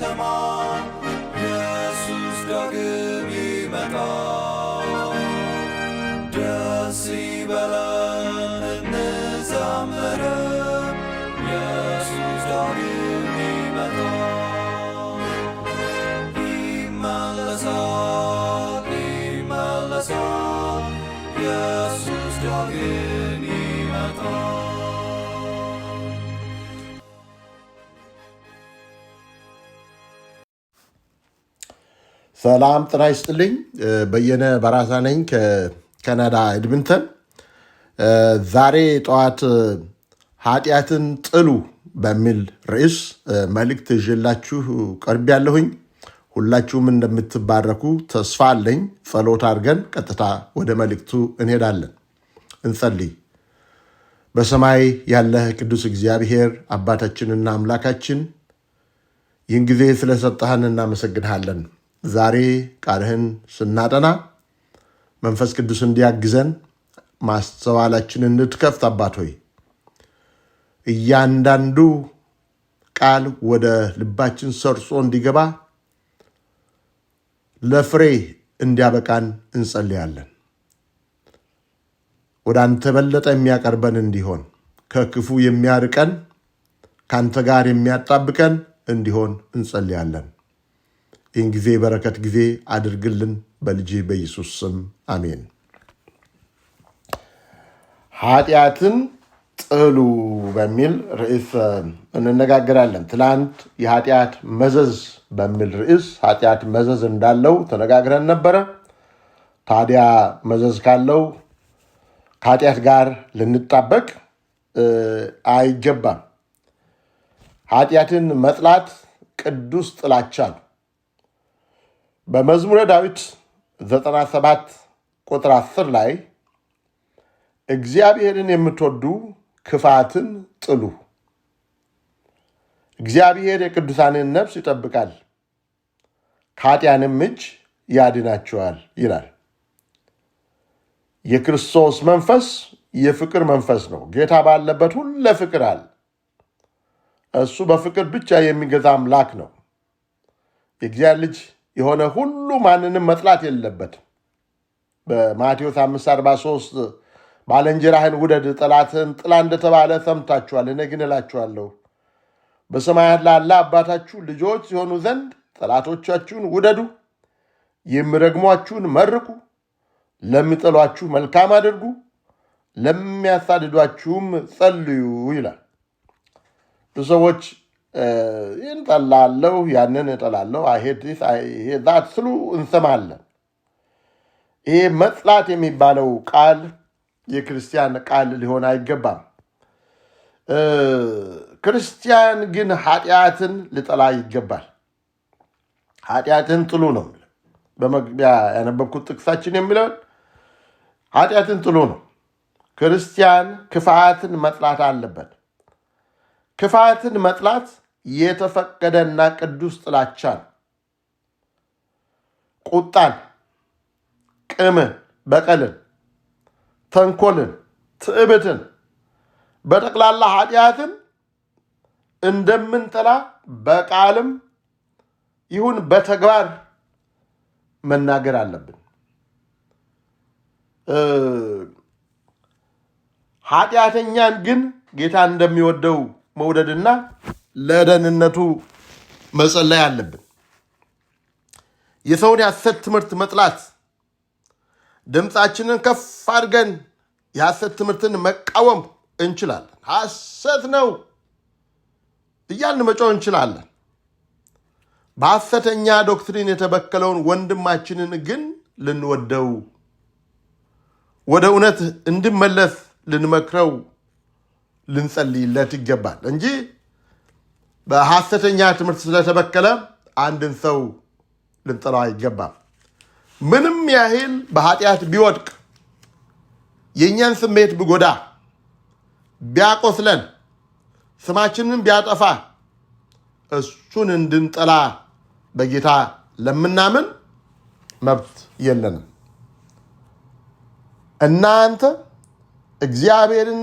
on. ሰላም ጥና ይስጥልኝ። በየነ በራሳ ነኝ ከካናዳ ኤድምንተን። ዛሬ ጠዋት ኃጢአትን ጥሉ በሚል ርዕስ መልእክት ይዤላችሁ ቀርብ ያለሁኝ ሁላችሁም እንደምትባረኩ ተስፋ አለኝ። ጸሎት አድርገን ቀጥታ ወደ መልእክቱ እንሄዳለን። እንጸልይ። በሰማይ ያለህ ቅዱስ እግዚአብሔር አባታችንና አምላካችን ይህን ጊዜ ስለሰጠህን እናመሰግንሃለን። ዛሬ ቃልህን ስናጠና መንፈስ ቅዱስ እንዲያግዘን ማስተዋላችንን እንድትከፍት አባት ሆይ እያንዳንዱ ቃል ወደ ልባችን ሰርጾ እንዲገባ ለፍሬ እንዲያበቃን እንጸልያለን። ወደ አንተ በለጠ የሚያቀርበን እንዲሆን ከክፉ የሚያርቀን ከአንተ ጋር የሚያጣብቀን እንዲሆን እንጸልያለን። ይህን ጊዜ በረከት ጊዜ አድርግልን በልጅ በኢየሱስ ስም አሜን። ኃጢአትን ጥሉ በሚል ርዕስ እንነጋገራለን። ትላንት የኃጢአት መዘዝ በሚል ርዕስ ኃጢአት መዘዝ እንዳለው ተነጋግረን ነበረ። ታዲያ መዘዝ ካለው ከኃጢአት ጋር ልንጣበቅ አይገባም። ኃጢአትን መጥላት ቅዱስ ጥላቻ ነው። በመዝሙረ ዳዊት 97 ቁጥር 10 ላይ እግዚአብሔርን የምትወዱ ክፋትን ጥሉ፣ እግዚአብሔር የቅዱሳንን ነፍስ ይጠብቃል፣ ከኃጢያንም እጅ ያድናቸዋል ይላል። የክርስቶስ መንፈስ የፍቅር መንፈስ ነው። ጌታ ባለበት ሁሉ ፍቅር አለ። እሱ በፍቅር ብቻ የሚገዛ አምላክ ነው። የእግዚአብሔር ልጅ የሆነ ሁሉ ማንንም መጥላት የለበትም። በማቴዎስ 5፥43 ባለንጀራህን ውደድ፣ ጠላትህን ጥላ እንደተባለ ሰምታችኋል። እኔ ግን እላችኋለሁ በሰማያት ላለ አባታችሁ ልጆች ሲሆኑ ዘንድ ጠላቶቻችሁን ውደዱ፣ የሚረግሟችሁን መርቁ፣ ለሚጠሏችሁ መልካም አድርጉ፣ ለሚያሳድዷችሁም ጸልዩ ይላል። ብዙ ሰዎች ይህን ያንን እጠላለሁ፣ አይሄድስ ዛት ስሉ እንሰማለን። ይሄ መጽላት የሚባለው ቃል የክርስቲያን ቃል ሊሆን አይገባም። ክርስቲያን ግን ኃጢአትን ልጠላ ይገባል። ኃጢአትን ጥሉ ነው በመግቢያ ያነበብኩት ጥቅሳችን የሚለውን ኃጢአትን ጥሉ ነው። ክርስቲያን ክፋትን መጥላት አለበት። ክፋትን መጥላት የተፈቀደና ቅዱስ ጥላቻን፣ ቁጣን፣ ቅምን፣ በቀልን፣ ተንኮልን፣ ትዕብትን በጠቅላላ ኃጢአትን እንደምንጠላ በቃልም ይሁን በተግባር መናገር አለብን። ኃጢአተኛን ግን ጌታ እንደሚወደው መውደድና ለደህንነቱ መጸለይ አለብን። የሰውን የሐሰት ትምህርት መጥላት፣ ድምፃችንን ከፍ አድርገን የሐሰት ትምህርትን መቃወም እንችላለን። ሐሰት ነው እያልን መጮህ እንችላለን። በሐሰተኛ ዶክትሪን የተበከለውን ወንድማችንን ግን ልንወደው፣ ወደ እውነት እንዲመለስ ልንመክረው፣ ልንጸልይለት ይገባል እንጂ በሐሰተኛ ትምህርት ስለተበከለ አንድን ሰው ልንጠላው አይገባም። ምንም ያህል በኃጢአት ቢወድቅ የእኛን ስሜት ብጎዳ ቢያቆስለን፣ ስማችንን ቢያጠፋ እሱን እንድንጠላ በጌታ ለምናምን መብት የለንም። እናንተ እግዚአብሔርን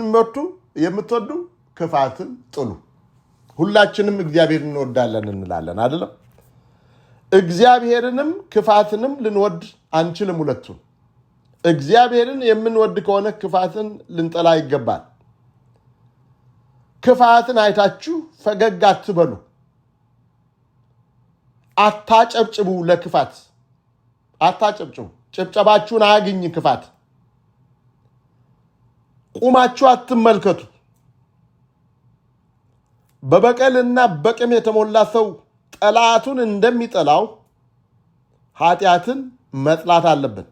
የምትወዱ ክፋትን ጥሉ። ሁላችንም እግዚአብሔር እንወዳለን እንላለን አይደለም። እግዚአብሔርንም ክፋትንም ልንወድ አንችልም። ሁለቱን እግዚአብሔርን የምንወድ ከሆነ ክፋትን ልንጠላ ይገባል። ክፋትን አይታችሁ ፈገግ አትበሉ፣ አታጨብጭቡ፣ ለክፋት አታጨብጭቡ። ጭብጨባችሁን አያግኝ ክፋት። ቁማችሁ አትመልከቱ። በበቀልና በቅም የተሞላ ሰው ጠላቱን እንደሚጠላው ኃጢአትን መጥላት አለብን።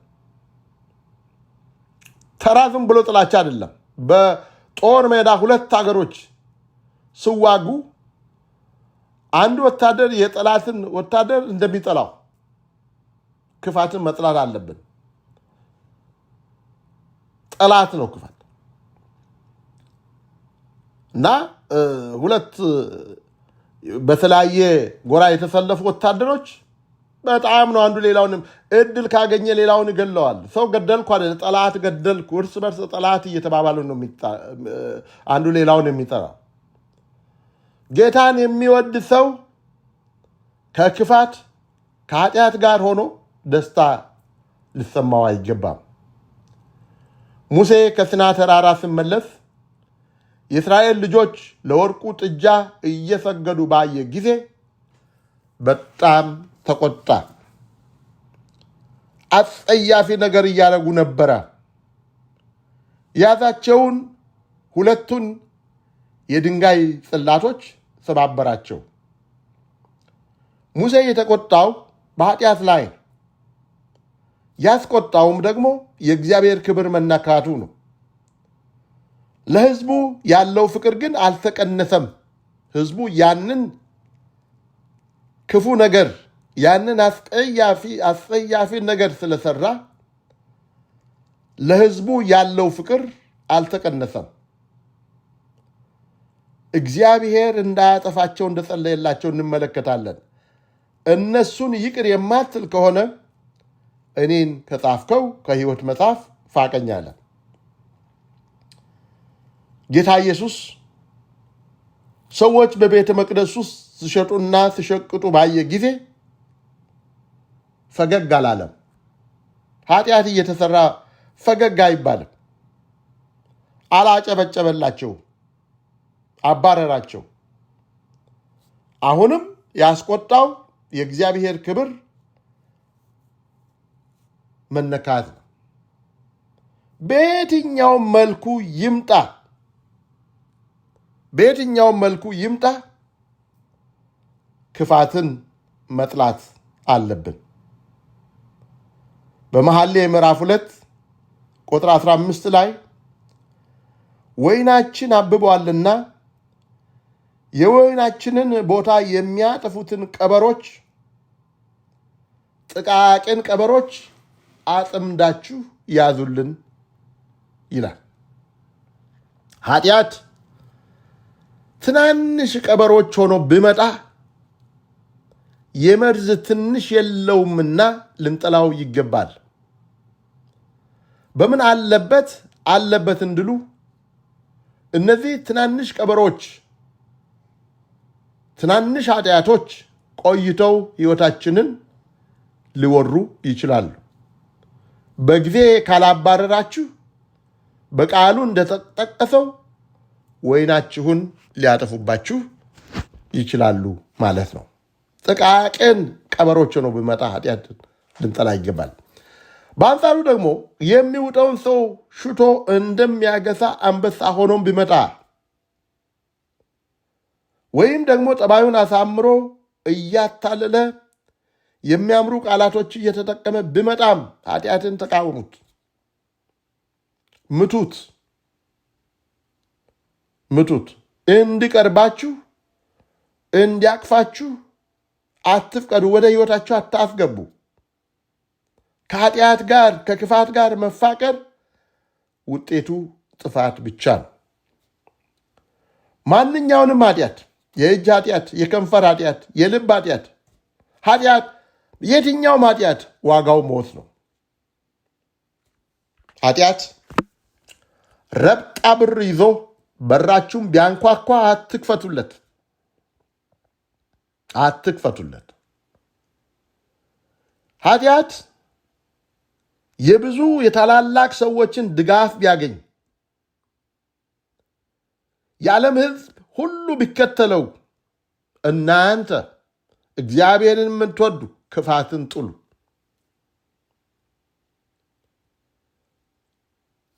ተራ ዝም ብሎ ጥላቻ አይደለም። በጦር ሜዳ ሁለት ሀገሮች ስዋጉ አንድ ወታደር የጠላትን ወታደር እንደሚጠላው ክፋትን መጥላት አለብን። ጠላት ነው ክፋት እና ሁለት በተለያየ ጎራ የተሰለፉ ወታደሮች በጣም ነው። አንዱ ሌላውን እድል ካገኘ ሌላውን ይገለዋል። ሰው ገደልኩ አለ፣ ጠላት ገደልኩ። እርስ በርስ ጠላት እየተባባሉ ነው አንዱ ሌላውን የሚጠራው። ጌታን የሚወድ ሰው ከክፋት ከኃጢአት ጋር ሆኖ ደስታ ሊሰማው አይገባም። ሙሴ ከሲና ተራራ ሲመለስ የእስራኤል ልጆች ለወርቁ ጥጃ እየሰገዱ ባየ ጊዜ በጣም ተቆጣ። አጸያፊ ነገር እያደረጉ ነበረ። የያዛቸውን ሁለቱን የድንጋይ ጽላቶች ሰባበራቸው። ሙሴ የተቆጣው በኃጢአት ላይ ያስቆጣውም ደግሞ የእግዚአብሔር ክብር መነካቱ ነው። ለህዝቡ ያለው ፍቅር ግን አልተቀነሰም። ህዝቡ ያንን ክፉ ነገር ያንን አስጸያፊ ነገር ስለሰራ ለህዝቡ ያለው ፍቅር አልተቀነሰም። እግዚአብሔር እንዳያጠፋቸው እንደጸለየላቸው እንመለከታለን። እነሱን ይቅር የማትል ከሆነ እኔን ከጻፍከው ከህይወት መጽሐፍ ፋቀኝ ጌታ ኢየሱስ ሰዎች በቤተ መቅደስ ውስጥ ሲሸጡና ሲሸቅጡ ባየ ጊዜ ፈገግ አላለም። ኃጢአት እየተሰራ ፈገግ አይባልም። አላጨበጨበላቸው፣ አባረራቸው። አሁንም ያስቆጣው የእግዚአብሔር ክብር መነካት ነው። በየትኛውም መልኩ ይምጣ በየትኛውም መልኩ ይምጣ ክፋትን መጥላት አለብን። በመሐሌ ምዕራፍ ሁለት ቁጥር 15 ላይ ወይናችን አብቧልና የወይናችንን ቦታ የሚያጥፉትን ቀበሮች ጥቃቅን ቀበሮች አጥምዳችሁ ያዙልን ይላል። ኃጢአት ትናንሽ ቀበሮች ሆኖ ብመጣ የመርዝ ትንሽ የለውምና ልንጠላው ይገባል። በምን አለበት አለበት እንድሉ እነዚህ ትናንሽ ቀበሮች ትናንሽ ኃጢአቶች ቆይተው ሕይወታችንን ሊወሩ ይችላሉ። በጊዜ ካላባረራችሁ በቃሉ እንደተጠቀሰው ወይናችሁን ሊያጠፉባችሁ ይችላሉ ማለት ነው። ጥቃቅን ቀበሮች ነው ብመጣ ኃጢአት ልንጠላ ይገባል። በአንጻሩ ደግሞ የሚውጠውን ሰው ሽቶ እንደሚያገሳ አንበሳ ሆኖም ቢመጣ ወይም ደግሞ ጠባዩን አሳምሮ እያታለለ የሚያምሩ ቃላቶች እየተጠቀመ ቢመጣም ኃጢአትን ተቃወሙት፣ ምቱት። ምቱት። እንዲቀርባችሁ እንዲያቅፋችሁ አትፍቀዱ። ወደ ሕይወታችሁ አታስገቡ። ከኃጢአት ጋር ከክፋት ጋር መፋቀር ውጤቱ ጥፋት ብቻ ነው። ማንኛውንም ኃጢአት፣ የእጅ ኃጢአት፣ የከንፈር ኃጢአት፣ የልብ ኃጢአት ኃጢአት የትኛውም ኃጢአት ዋጋው ሞት ነው። ኃጢአት ረብጣ ብር ይዞ በራችሁም ቢያንኳኳ አትክፈቱለት አትክፈቱለት። ኃጢአት የብዙ የታላላቅ ሰዎችን ድጋፍ ቢያገኝ የዓለም ሕዝብ ሁሉ ቢከተለው፣ እናንተ እግዚአብሔርን የምትወዱ ክፋትን ጥሉ።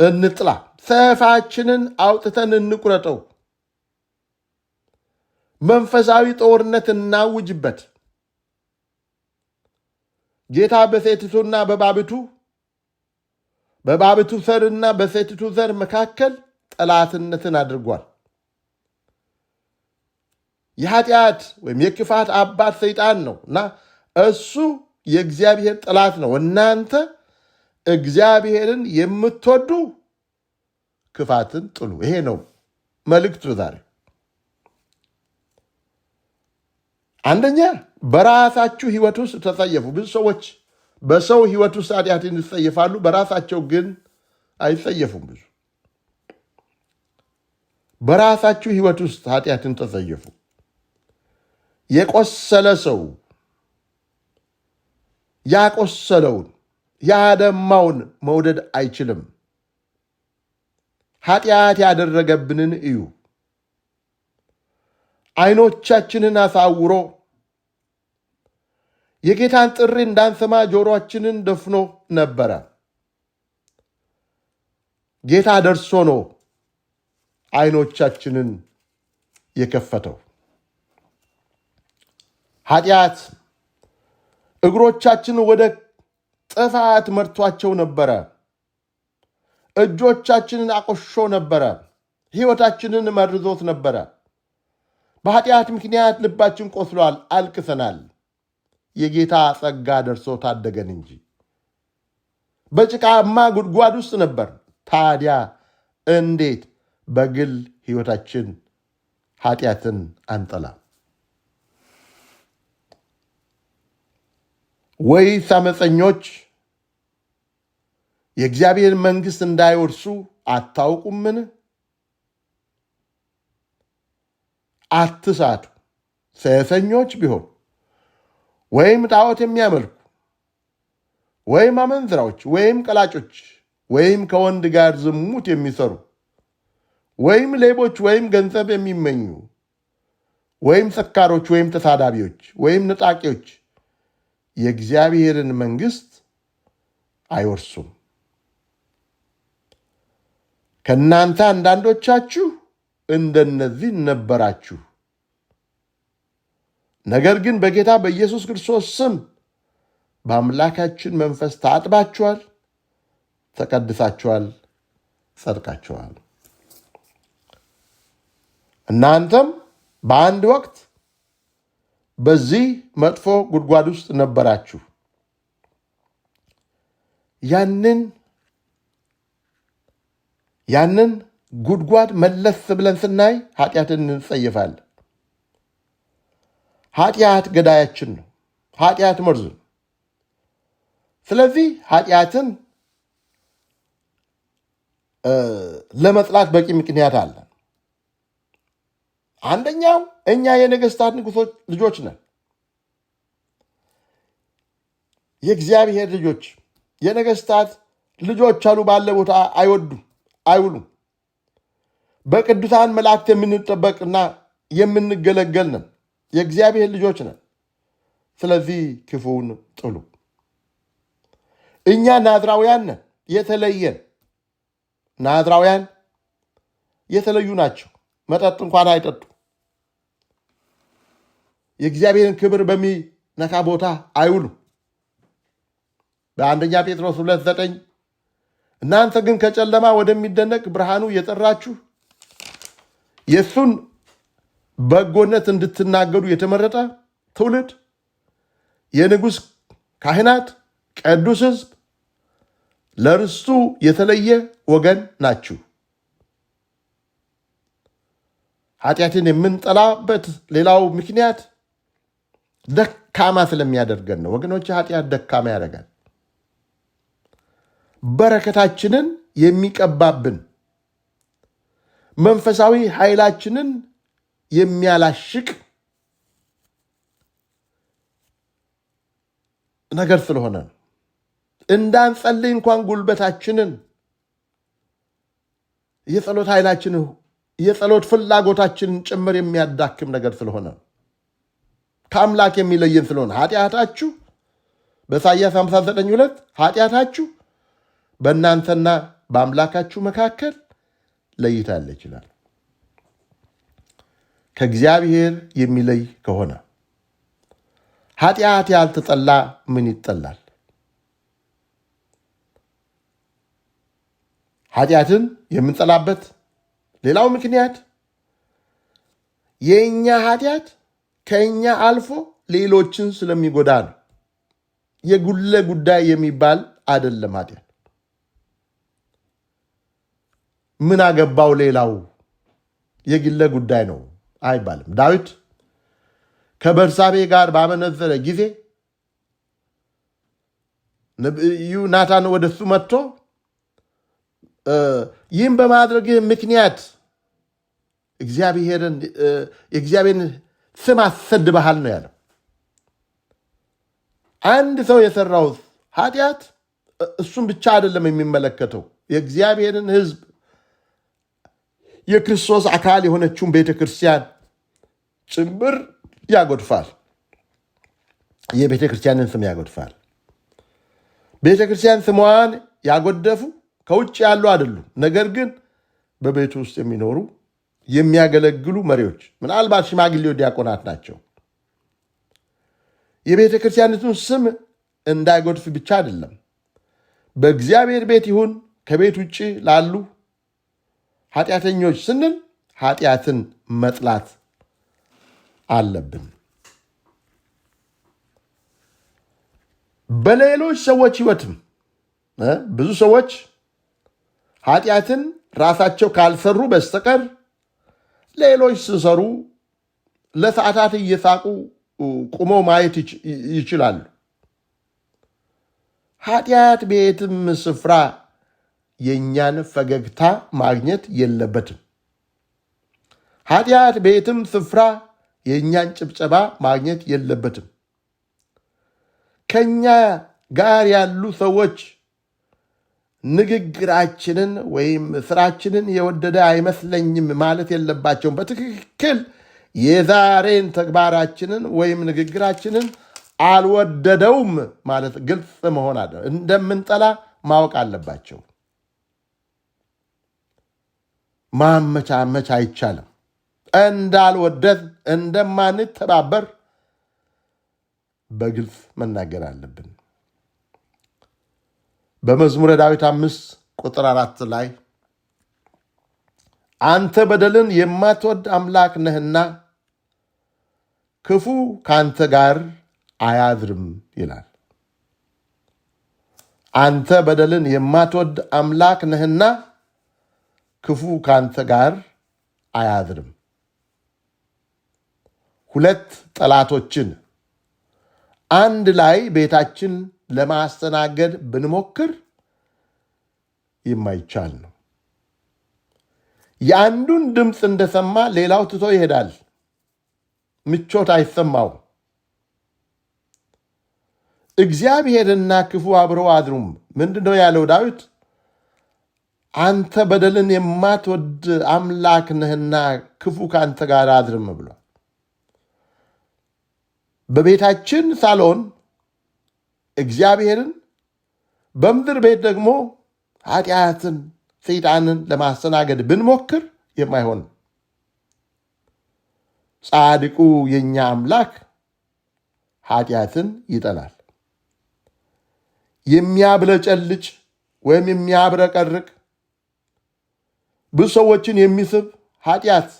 እንጥላ ሰይፋችንን አውጥተን እንቁረጠው። መንፈሳዊ ጦርነት እናውጅበት። ጌታ በሴቲቱና በባብቱ በባብቱ ዘርና በሴቲቱ ዘር መካከል ጠላትነትን አድርጓል። የኃጢአት ወይም የክፋት አባት ሰይጣን ነው እና እሱ የእግዚአብሔር ጠላት ነው። እናንተ እግዚአብሔርን የምትወዱ ክፋትን ጥሉ። ይሄ ነው መልእክቱ ዛሬ። አንደኛ በራሳችሁ ህይወት ውስጥ ተጸየፉ። ብዙ ሰዎች በሰው ህይወት ውስጥ ኃጢአትን ይጸየፋሉ፣ በራሳቸው ግን አይጸየፉም። ብዙ በራሳችሁ ህይወት ውስጥ ኃጢአትን ተጸየፉ። የቆሰለ ሰው ያቆሰለውን ያደማውን መውደድ አይችልም። ኃጢአት ያደረገብንን እዩ። ዐይኖቻችንን አሳውሮ የጌታን ጥሪ እንዳንሰማ ጆሮአችንን ደፍኖ ነበረ። ጌታ ደርሶ ነው ዐይኖቻችንን የከፈተው። ኃጢአት እግሮቻችን ወደ ጥፋት መርቷቸው ነበረ። እጆቻችንን አቆሾ ነበረ። ሕይወታችንን መርዞት ነበረ። በኃጢአት ምክንያት ልባችን ቆስሏል፣ አልቅሰናል። የጌታ ጸጋ ደርሶ ታደገን እንጂ በጭቃማ ጉድጓድ ውስጥ ነበር። ታዲያ እንዴት በግል ሕይወታችን ኃጢአትን አንጠላ? ወይስ አመፀኞች የእግዚአብሔር መንግሥት እንዳይወርሱ አታውቁምን? አትሳቱ። ሰይፈኞች ቢሆን ወይም ጣዖት የሚያመልኩ ወይም አመንዝራዎች ወይም ቀላጮች ወይም ከወንድ ጋር ዝሙት የሚሰሩ ወይም ሌቦች ወይም ገንዘብ የሚመኙ ወይም ሰካሮች ወይም ተሳዳቢዎች ወይም ንጣቂዎች የእግዚአብሔርን መንግሥት አይወርሱም። ከእናንተ አንዳንዶቻችሁ እንደነዚህ ነበራችሁ። ነገር ግን በጌታ በኢየሱስ ክርስቶስ ስም በአምላካችን መንፈስ ታጥባችኋል፣ ተቀድሳችኋል፣ ጸድቃችኋል። እናንተም በአንድ ወቅት በዚህ መጥፎ ጉድጓድ ውስጥ ነበራችሁ። ያንን ያንን ጉድጓድ መለስ ብለን ስናይ ኃጢአትን እንጸይፋለን። ኃጢአት ገዳያችን ነው። ኃጢአት መርዙ ነው። ስለዚህ ኃጢአትን ለመጽላት በቂ ምክንያት አለን። አንደኛው እኛ የነገስታት ንጉሶች ልጆች ነን። የእግዚአብሔር ልጆች የነገስታት ልጆች አሉ ባለ ቦታ አይወዱም። አይውሉም። በቅዱሳን መላእክት የምንጠበቅና የምንገለገል ነን። የእግዚአብሔር ልጆች ነን። ስለዚህ ክፉውን ጥሉ። እኛ ናዝራውያን ነን፣ የተለየን። ናዝራውያን የተለዩ ናቸው። መጠጥ እንኳን አይጠጡ። የእግዚአብሔርን ክብር በሚነካ ቦታ አይውሉ። በአንደኛ ጴጥሮስ ሁለት ዘጠኝ እናንተ ግን ከጨለማ ወደሚደነቅ ብርሃኑ የጠራችሁ የእሱን በጎነት እንድትናገሩ የተመረጠ ትውልድ የንጉሥ ካህናት ቅዱስ ሕዝብ ለርስቱ የተለየ ወገን ናችሁ። ኃጢአትን የምንጠላበት ሌላው ምክንያት ደካማ ስለሚያደርገን ነው። ወገኖች ኃጢአት ደካማ ያደርጋል። በረከታችንን የሚቀባብን መንፈሳዊ ኃይላችንን የሚያላሽቅ ነገር ስለሆነ እንዳንጸልይ እንኳን ጉልበታችንን የጸሎት ኃይላችን የጸሎት ፍላጎታችንን ጭምር የሚያዳክም ነገር ስለሆነ ከአምላክ የሚለየን ስለሆነ ኃጢአታችሁ በኢሳይያስ 59 ሁለት ኃጢአታችሁ በእናንተና በአምላካችሁ መካከል ለይታለች ይላል። ከእግዚአብሔር የሚለይ ከሆነ ኃጢአት ያልተጠላ ምን ይጠላል? ኃጢአትን የምንጠላበት ሌላው ምክንያት የእኛ ኃጢአት ከእኛ አልፎ ሌሎችን ስለሚጎዳ ነው። የጉለ ጉዳይ የሚባል አይደለም ኃጢአት ምን አገባው ሌላው የግለ ጉዳይ ነው አይባልም። ዳዊት ከበርሳቤ ጋር ባመነዘረ ጊዜ ነቢዩ ናታን ወደሱ መጥቶ ይህም በማድረግ ምክንያት እግዚአብሔርን የእግዚአብሔርን ስም አሰድበሃል ነው ያለው። አንድ ሰው የሰራው ኃጢአት እሱን ብቻ አይደለም የሚመለከተው የእግዚአብሔርን ሕዝብ የክርስቶስ አካል የሆነችውን ቤተ ክርስቲያን ጭምር ያጎድፋል። የቤተ ክርስቲያንን ስም ያጎድፋል። ቤተ ክርስቲያን ስሟን ያጎደፉ ከውጭ ያሉ አይደሉም። ነገር ግን በቤቱ ውስጥ የሚኖሩ የሚያገለግሉ መሪዎች፣ ምናልባት ሽማግሌው ዲያቆናት ናቸው። የቤተ ክርስቲያኒቱን ስም እንዳይጎድፍ ብቻ አይደለም፣ በእግዚአብሔር ቤት ይሁን ከቤት ውጭ ላሉ ኃጢአተኞች ስንል ኃጢአትን መጥላት አለብን። በሌሎች ሰዎች ህይወትም ብዙ ሰዎች ኃጢአትን ራሳቸው ካልሰሩ በስተቀር ሌሎች ሲሰሩ ለሰዓታት እየሳቁ ቁመው ማየት ይችላሉ። ኃጢአት በየትም ስፍራ የእኛን ፈገግታ ማግኘት የለበትም። ኃጢአት ቤትም ስፍራ የእኛን ጭብጨባ ማግኘት የለበትም። ከእኛ ጋር ያሉ ሰዎች ንግግራችንን ወይም ስራችንን የወደደ አይመስለኝም ማለት የለባቸውም። በትክክል የዛሬን ተግባራችንን ወይም ንግግራችንን አልወደደውም ማለት ግልጽ መሆን አለ። እንደምንጠላ ማወቅ አለባቸው። ማመቻመች አይቻልም። እንዳልወደድ እንደማንተባበር በግልጽ መናገር አለብን። በመዝሙረ ዳዊት አምስት ቁጥር አራት ላይ አንተ በደልን የማትወድ አምላክ ነህና ክፉ ከአንተ ጋር አያድርም ይላል። አንተ በደልን የማትወድ አምላክ ነህና ክፉ ካንተ ጋር አያድርም። ሁለት ጠላቶችን አንድ ላይ ቤታችን ለማስተናገድ ብንሞክር የማይቻል ነው። የአንዱን ድምፅ እንደሰማ ሌላው ትቶ ይሄዳል። ምቾት አይሰማው። እግዚአብሔርና ክፉ አብረው አድሩም። ምንድን ነው ያለው ዳዊት? አንተ በደልን የማትወድ አምላክ ነህና ክፉ ከአንተ ጋር አድርም ብሏል። በቤታችን ሳሎን እግዚአብሔርን በምድር ቤት ደግሞ ኃጢአትን፣ ሰይጣንን ለማስተናገድ ብንሞክር የማይሆን ጻድቁ የእኛ አምላክ ኃጢአትን ይጠላል። የሚያብለጨልጭ ወይም የሚያብረቀርቅ ብዙ ሰዎችን የሚስብ ኃጢአት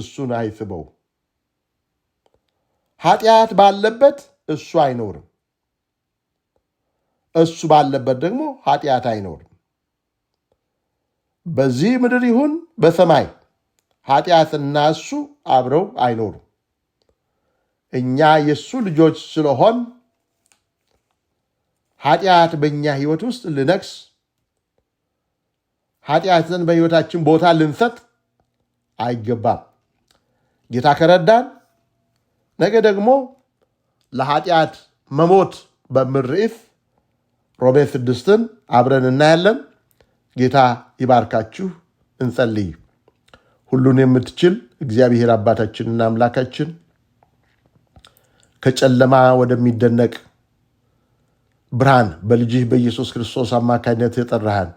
እሱን አይስበው። ኃጢአት ባለበት እሱ አይኖርም፣ እሱ ባለበት ደግሞ ኃጢአት አይኖርም። በዚህ ምድር ይሁን በሰማይ ኃጢአትና እሱ አብረው አይኖሩም። እኛ የእሱ ልጆች ስለሆን ኃጢአት በእኛ ሕይወት ውስጥ ልነግስ ኃጢአትን በሕይወታችን ቦታ ልንሰጥ አይገባም። ጌታ ከረዳን ነገ ደግሞ ለኃጢአት መሞት በሚል ርዕስ ሮሜ ስድስትን አብረን እናያለን። ጌታ ይባርካችሁ። እንጸልይ። ሁሉን የምትችል እግዚአብሔር አባታችንና አምላካችን ከጨለማ ወደሚደነቅ ብርሃን በልጅህ በኢየሱስ ክርስቶስ አማካኝነት የጠራሃን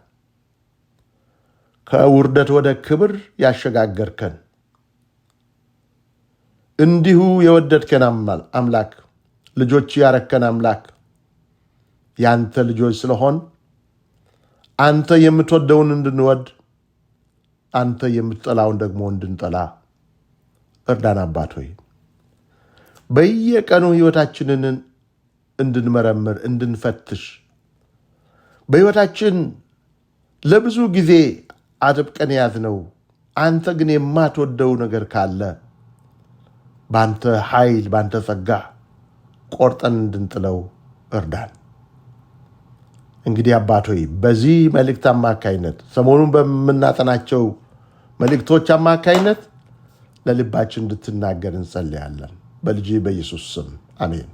ከውርደት ወደ ክብር ያሸጋገርከን እንዲሁ የወደድከን አምላክ ልጆች ያረከን አምላክ ያንተ ልጆች ስለሆን አንተ የምትወደውን እንድንወድ አንተ የምትጠላውን ደግሞ እንድንጠላ እርዳን። አባት ሆይ በየቀኑ ህይወታችንን እንድንመረምር፣ እንድንፈትሽ በህይወታችን ለብዙ ጊዜ አጥብቀን ያዝነው። አንተ ግን የማትወደው ነገር ካለ በአንተ ኃይል፣ በአንተ ጸጋ ቆርጠን እንድንጥለው እርዳን። እንግዲህ አባት ሆይ በዚህ መልእክት አማካይነት ሰሞኑን በምናጠናቸው መልእክቶች አማካይነት ለልባችን እንድትናገር እንጸልያለን። በልጅ በኢየሱስ ስም አሜን።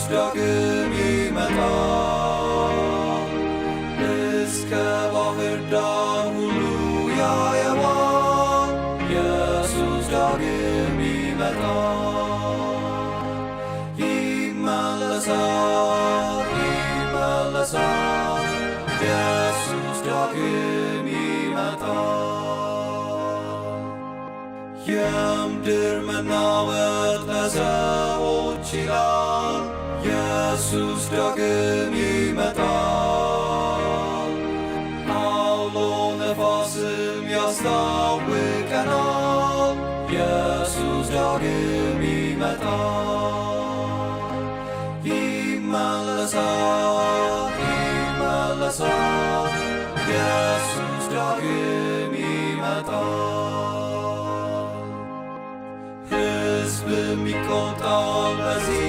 ክርስቶስ ዳግም ይመጣል። እስከ ባህር ዳር ሁሉ ያየዋል። ኢየሱስ ዳግም ይመጣል። ይመለሳል፣ ይመለሳል። ኢየሱስ ዳግም ይመጣል። የምድር መናወጥ ለሰዎች ይላል strakke mi metal Aulone fosym ja stały kanal. Jezus drogi mi metal Himalasa, Himalasa Jezus drogi mi metal Hysby mi kontal bez